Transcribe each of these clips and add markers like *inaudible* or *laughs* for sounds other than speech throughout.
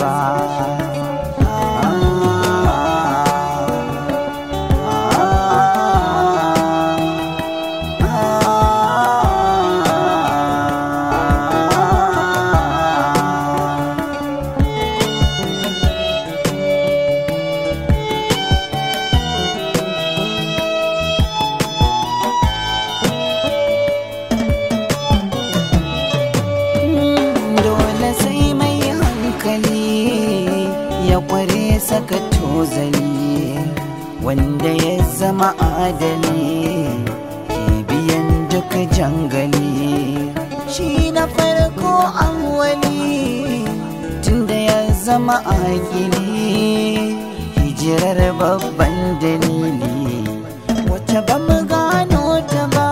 survive. adali ke biyan duk jangali shi na farko awali tunda ya zama akili hijirar babban dalili wacce ba mu gano ta ba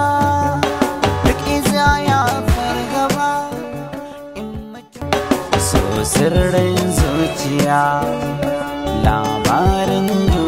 duk iza ya fargaba so sirrin zuciya labarin duniya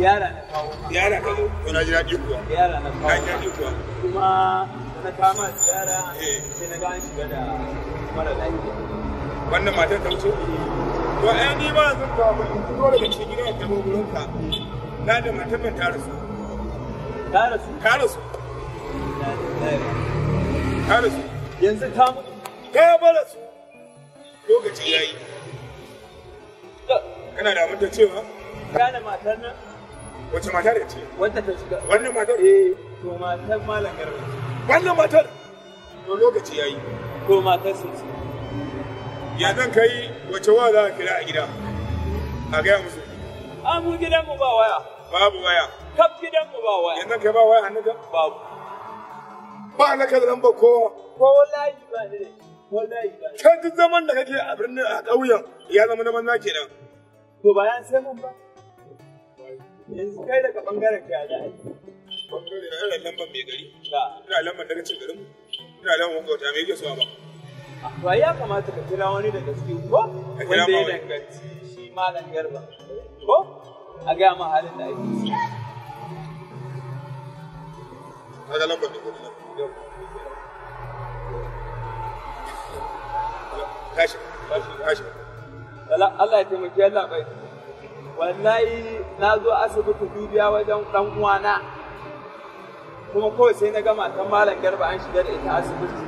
yara na kawo yara ka zo to na ji daɗi kuwa yara na kawo na kuma na kama yara eh. sai na gani shiga da mara da lafiya wannan matan ta wuce to ai ni ba zan ba mu fito daga cikin gidan ta gurin ka na da matar ta rasu ta rasu ta rasu ta rasu yanzu ta mutu ta bara su lokaci yayi kana da mutunta cewa gane matar nan wace matar ya ce wanda ta shiga wannan matar eh to matar malam garba wannan matar to lokaci yayi to matar sun ce ya zan kai wace wa za a kira a gida a gaya musu a mu gidan mu ba waya babu waya kaf gidan mu ba waya yanzu kai ba waya hannunka babu ba na ka zan ba kowa ko wallahi ba ne wallahi ba kan duk zaman da kake a birnin a ƙauyen ya zama na banza kenan to bayan sai mun ba yanzu kai daga bangaren ka da bangare lambar mai gari ina daga cin garin ina lambar makwabta mai yake ba ah, Wa ya kamata ka kira wani da gaske ko wanda ya danganci shi malam garba ko a gaya ma halin da ake ciki Ada lambar da nan. Tashi, tashi, tashi. Allah ya taimaki Allah bai. wallahi na zo asibiti dubiya wajen ɗan uwana kuma kawai sai na gama ta malam garba an shigar da ita asibiti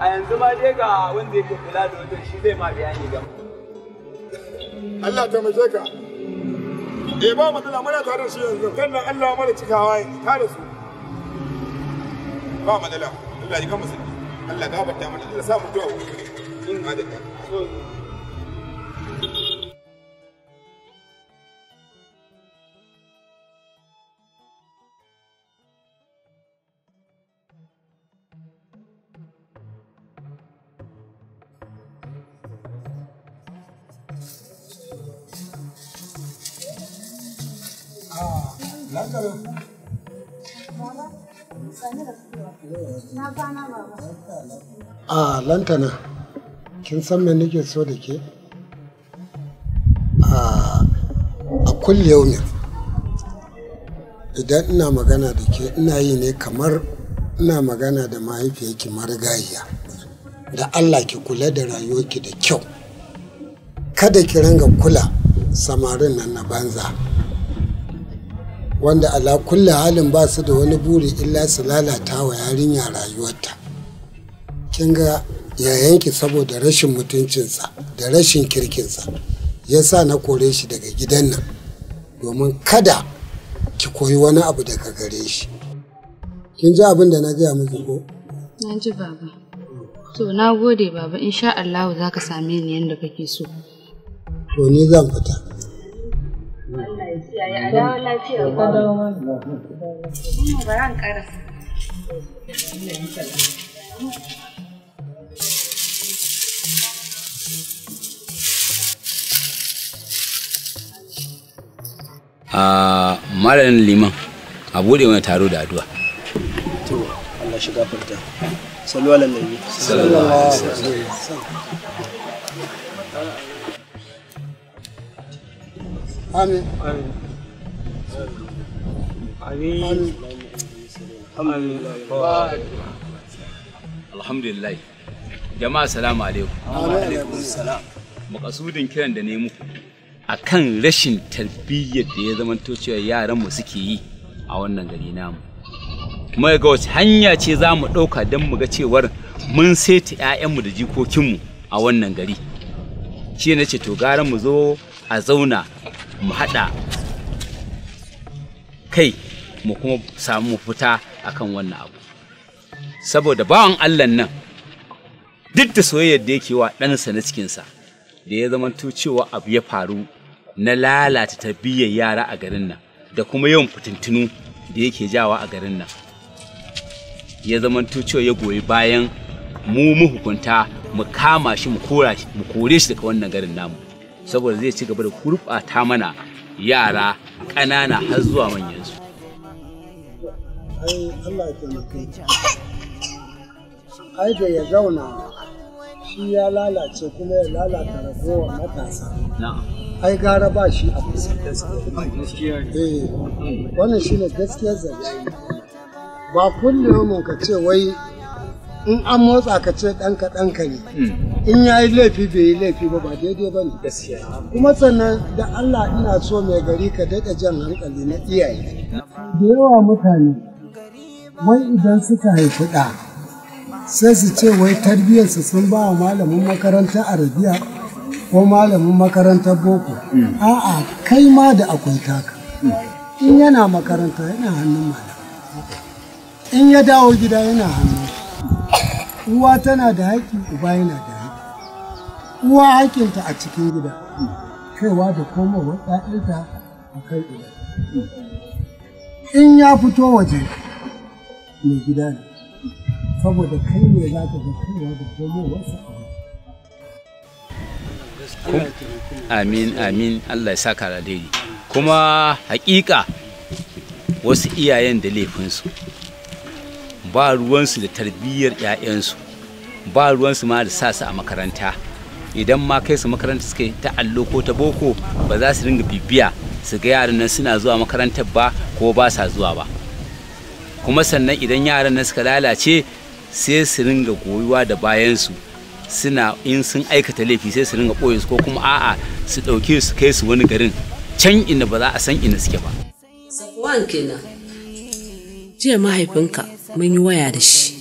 a yanzu ma dai ga wanda yake kula da wajen shi zai ma bayani ga Allah ta mace ka. Eh ba matsala muna tare da shi yanzu kan nan Allah mara cikawa ya tare su. Ba matsala Allah ji kan sai Allah gabata mana Allah sa mutuwa. In so a lantana kin san me nake so da ke a kulle yaumin idan ina magana da ke ina yi ne kamar ina magana da mahaifiyarki marigayya da allah ki kula da rayuwarki da kyau kada ki ringa kula samarin nan na banza wanda ala kulle halin ba su da wani buri illa su lalata wa yarinya rayuwarta kin ga ya yanki saboda rashin mutuncinsa da rashin kirkinsa ya sa na kore shi daga gidan nan domin kada ki koyi wani abu daga gare shi kin ji abin da na gaya miki ko na ji baba to na gode baba insha Allah za ka same ni yanda kake so to ni zan fita Allah ya kiyaye a lafiya ba ran karasa a malamin liman a bude wani taro da addu'a to Allah shiga farta sallu ala nabi sallallahu alaihi wasallam amin amin amin alhamdulillah jama'a salamu alaikum alaikum salam makasudin kiran da ne muku akan rashin tarbiyyar da ya zamanto cewa yaran mu suke yi a wannan gari namu kuma ga wace hanya ce za mu ɗauka don mu ga cewar mun saita mu da jikokinmu a wannan gari shi na ce to gara mu zo a zauna mu haɗa kai mu kuma samu fita akan wannan abu saboda bawan allah nan duk da soyayyar da yake wa ɗansa na cikinsa da ya zama cewa abu ya faru na lalata tarbiyyar yara a garin nan da kuma yawan fitintinu da yake jawa a garin nan ya zama cewa ya goyi bayan mu muhukunta mu kama shi mu kore shi daga wannan garin namu saboda zai ci gaba da gurɓata mana yara ƙanana har zuwa manyansu ai da ya zauna shi ya lalace kuma ya lalata ragowar matasa ai gara ba shi a kusa eh, mm. wannan shi ne gaskiyar zance ba kullum ka ce wai in an motsa ka ce ɗanka ɗanka ne mm. in ya yi laifi bai yi laifi ba ba daidai ba ne kuma sannan da allah ina so mai gari ka daɗa jan hankali na iyaye da yawa mutane wai idan suka haifi ɗa sai su ce wai tarbiyyarsu sun ba wa malamin makarantar arabiya ko malamin makarantar boko a'a kai ma da akwai taka in yana makaranta yana hannun malam in ya dawo gida yana hannu uwa tana da haƙƙi uba yana da haƙƙi uwa haƙƙinta a cikin gida kaiwa da komowa ɗaɗinta a kan gida in ya fito waje mai gida ne saboda kai ne za ka ga kaiwa da wasu abu. amin amin allah ya saka da daidai kuma hakika wasu iyayen da laifinsu ba ruwansu da tarbiyyar 'ya'yansu ba ruwansu ma da sa a makaranta idan ma kai su makaranta suka ta allo ko ta boko ba za su ringa bibiya su ga yaran nan suna zuwa makarantar ba ko ba sa zuwa ba kuma sannan idan yaran nan suka lalace sai su ringa goyuwa da bayansu suna in sun aikata laifi sai su ringa ɓoye su ko kuma a'a su dauke su kai su wani garin can ina ba za a san ina suke ba. Safuwan kenan. Jiya mahaifinka mun yi waya da shi.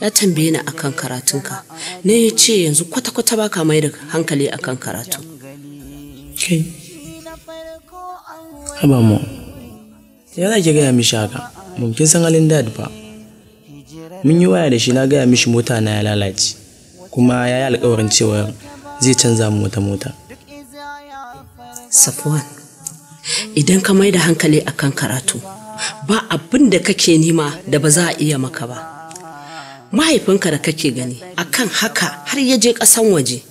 Ya tambaye ni akan karatunka. Ne ya ce yanzu kwata-kwata ba ka mai da hankali akan karatu. Kai. Haba mu. Ya za ki gaya mishi haka? kin san halin dad ba. mun yi waya da shi na gaya mishi mota na ya lalace kuma ya yi alkawarin cewa zai canza mu mota mota safuwan idan ka mai da hankali akan karatu ba abin da kake nema da ba za a iya maka ba mahaifinka da kake gani a kan haka har ya je ƙasan waje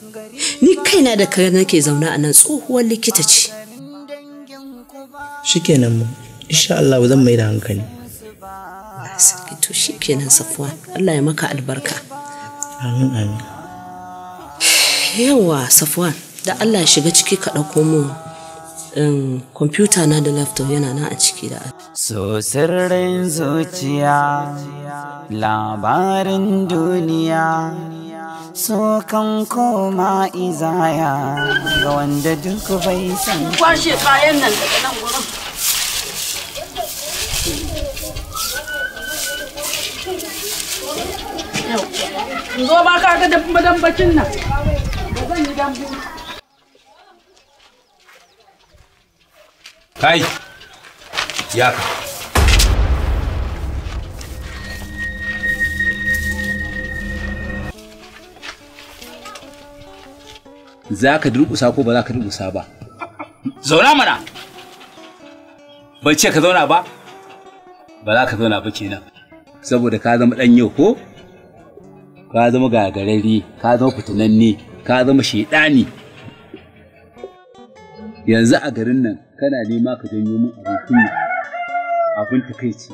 ni kaina da kare nake zaune a nan tsohuwar likita ce shikenan mu insha Allah zan mai da hankali sauki to shi kenan safuwa Allah ya maka albarka amin amin yawa safuwa da Allah ya shiga ciki ka ɗauko mu kwamfuta um, na da laptop yana na a ciki da so sirrin zuciya labarin duniya so kan koma izaya ga wanda duk bai san kwashe kayan nan daga nan zo ba ka ga dambacin nan ba zan yi dambu kai ya ka za ka durƙusa ko ba za ka durƙusa ba zauna mana bai ce ka zauna ba ba za ka zauna ba kenan saboda ka zama ɗan yau ko ka zama gagararri ka zama fitinanne ka zama shaidani yanzu a garin nan kana nema ka janyo mu abokin ne abin takaici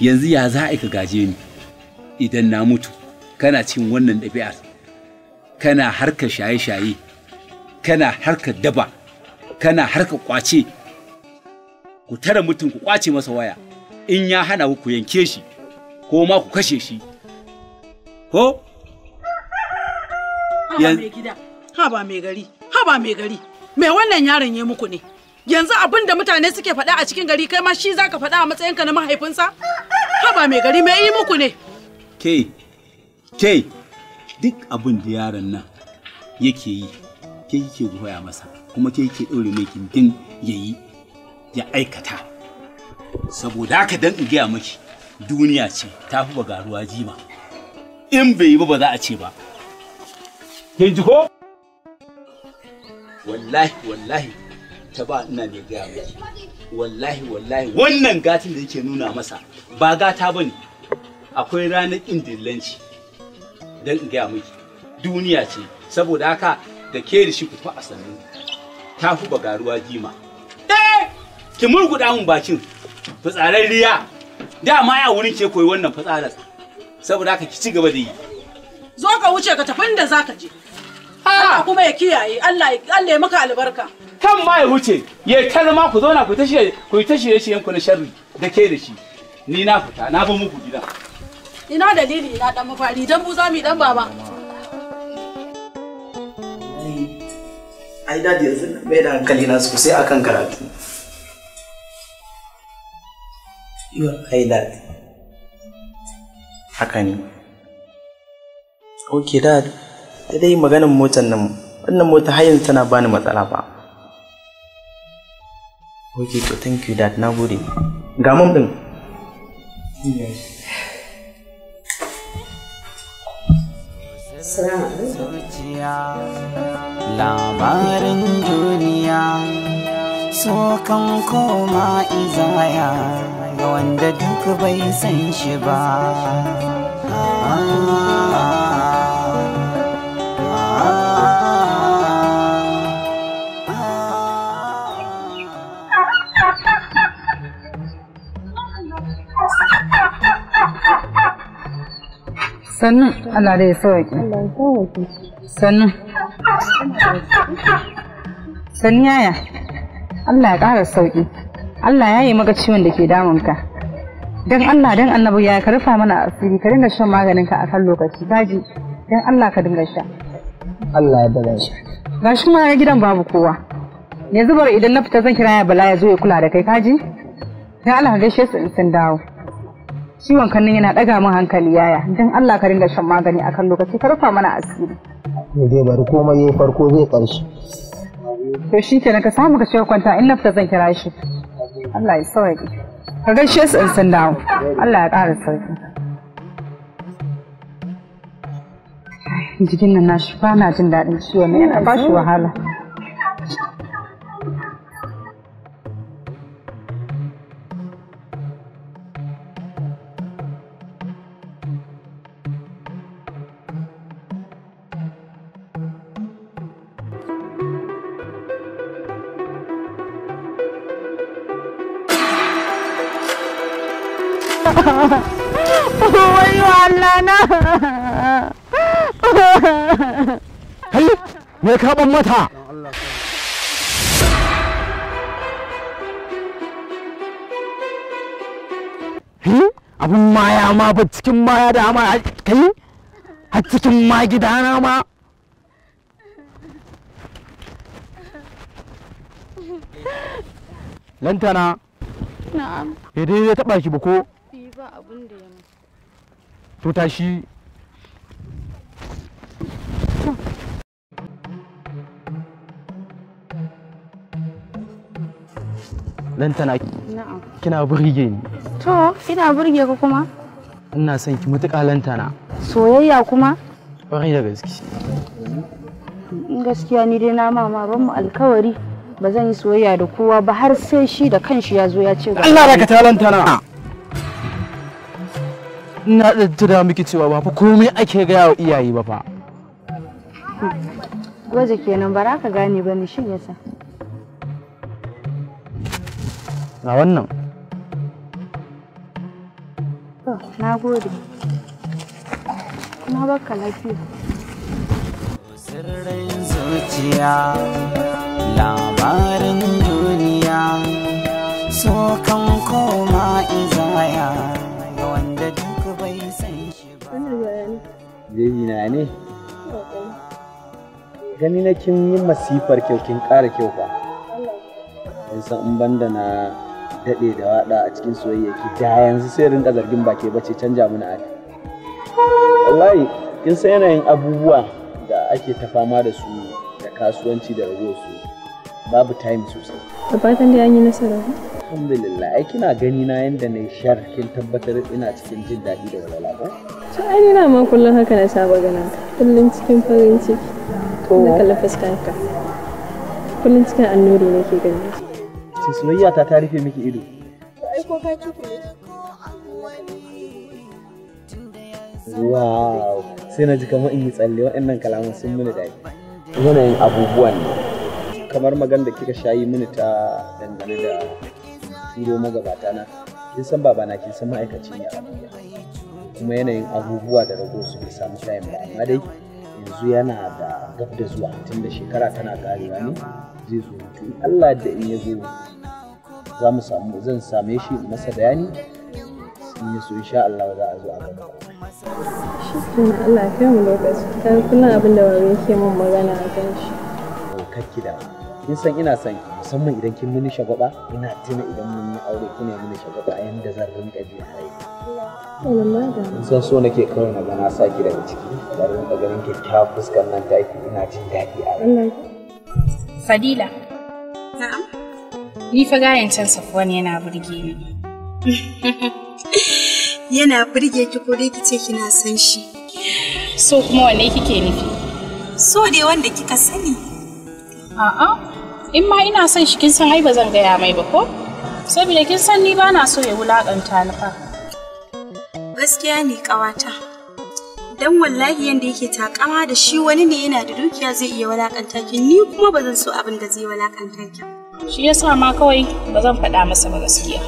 yanzu ya za a ka gaje ni idan na mutu kana cin wannan ɗabi'ar kana harkar shaye-shaye kana harkar daba kana harkar kwace ku tara mutum ku kwace masa waya in ya hana ku yanke shi ko ma ku kashe shi ko haba mai gida haba mai gari haba mai gari me wannan yaron ya muku ne yanzu abin da mutane suke faɗa a cikin gari kai ma shi za ka faɗa a matsayinka na mahaifinsa haba mai gari me yi muku ne ke ke duk abin da yaron nan yake yi ke yake goya masa kuma ke yake ɗaure mai gindin ya yi ya aikata saboda haka dan in gaya miki duniya ce ta fi bagaruwa jima in bai yi ba ba za a ce ba Kin ji ko? Wallahi wallahi ta ba ina da gaya miki. Wallahi wallahi wannan gatin da yake nuna masa ba gata bane. Akwai ranar indillanci. don in gaya miki. Duniya ce saboda haka da ke da shi ku fa a sannu. Ta fi bagaruwa jima. Eh! Ki murguɗa mun bakin. Fitsarar riya. Dama ya wurin ke koyi wannan fitsarar. Saboda haka ki ci gaba da yi. zo ka wuce ka tafi da zaka je Allah kuma ya kiyaye Allah Allah ya maka albarka kan ma ya wuce ya ta zama ku zauna ku tashi ku tashi ya shiyan yanku na sharri da ke da shi ni na fita na ba muku gida ina dalili ina dan mafari dan mu zamu dan baba ai da yanzu na bai da hankali na sai akan karatu Yo, ai da. Haka ne. ok da da dai maganin motar nan wannan mota har yanzu tana bani matsala ba ok to thank you dad na gode ga mom din labarin duniya so kan koma izaya ga wanda duk bai san shi ba ah. Sannu, Allah da ya sauke Sannu. yaya Allah ya ƙara sauki Allah ya yi maka ciwon da ke damunka don Allah don annabi ya ka rufa mana asiri ka dinga shan maganin ka kan lokaci daji don Allah ka dinga sha Allah ya daga shi gashi ma gidan babu kowa yanzu bar idan na fita zan kira ya bala ya zo ya kula da kai kaji dan Allah ka gaishe su in sun dawo ciwon kanin yana ɗaga min hankali yaya don Allah ka ringa shan magani a kan lokaci ka rufa mana asiri zai bari komai yayi farko zai ƙarshe? to shi kenan ka samu ka shiga kwanta in lafta zan kira shi Allah ya sauƙi. ka gaishe su in sun dawo Allah ya ƙara sauƙi. jikin nan shi ba na jin daɗin ciwon yana ba shi wahala wayo me ka ban mata abin maya ma ba cikin maya da ma kai cikin ma gidana ma lantana na'am idan ya taba ki ba ko ba abun da ya to tashi dan tana kina burge ni to ina burge ka kuma ina son ki mutuƙa lantana soyayya kuma ƙwarai da gaske gaskiya ni dai na mama ban mu alkawari ba zan yi soyayya da kowa ba har sai shi da kanshi ya zo ya ce Allah da ka talanta na ina da tada miki cewa ba fa komai ake gaya wa iyaye ba fa gwaje kenan ba ka gane ba ni shin yasa na wannan na gode kuma baka lafiya sirrin zuciya labarin duniya so kan koma izaya Baby na ne? Gani na kin yi masifar kyau kin ƙara kyau fa. Kun san in banda na daɗe da waɗa a cikin soyayya ki da yanzu sai rinka zargin ba ke bace canja mana ake. Wallahi kin san yanayin abubuwa da ake ta fama da su da kasuwanci da rago su. babu time sosai da fatan da an yi nasara alhamdulillah ai kina gani na yanda na shar kin tabbatar ina cikin jin daɗi da walwala ba to ai ni na ma kullum haka na saba ganin kullum cikin farin ciki to na kalla fuskanka kullum cikin annuri nake gani ci soyayya ta ta rufe miki ido ai ko ka ci Wow, sai na ji kamar in yi tsalle waɗannan kalaman sun mini daɗi. Yanayin abubuwan ne. kamar magan da kika shayi mini ta dangane da turo magabata na kin san babana kin san ma'aikaci ne a kuma yanayin abubuwa da rago su bai samu tayin ba amma dai yanzu yana da gab da zuwa tun da shekara tana karewa ne zai zo mutu Allah da in ya zo za mu samu zan same shi masa bayani in yi so insha Allah za a zo a gaba shi Allah ya kai mu lokaci kan kullum abin da wani yake mun magana a kan shi kakki da kin san ina son ki musamman idan kin mini shagwaba ina tuna idan mun yi aure kina mini shagwaba yanda zan rinka ji rai in san so nake kawai na gana sa ki daga ciki da daga ganin ta fuskar nan taki ina jin daɗi a fadila na'am ni fa gayan can safwan yana burge ni *laughs* yana burge ki ko dai kice kina san shi so kuma wanne kike nufi so dai wanda kika sani a'a in ma ina son shi kin san ai ba zan gaya mai ba ko saboda kin san ni ba na so ya wulakanta ni fa gaskiya ne kawata dan wallahi yanda yake takama da shi wani ne yana da dukiya zai iya wulakanta ki ni kuma ba zan so abin da zai wulakanta ki shi yasa ma kawai ba zan faɗa masa ba gaskiya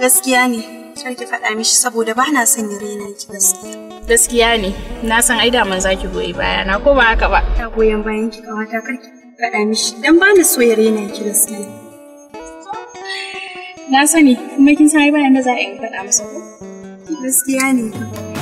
gaskiya ne sai ki faɗa mishi saboda ba na son ya raina ki gaskiya gaskiya ne na san ai da man zaki goyi baya na ko ba haka ba ta goyen bayan ki kawata karki faɗa mishi don ba na so ya rena ki gaskiya. Na sani kuma kin san ai bayan da za a yi faɗa masa ko? Gaskiya ne.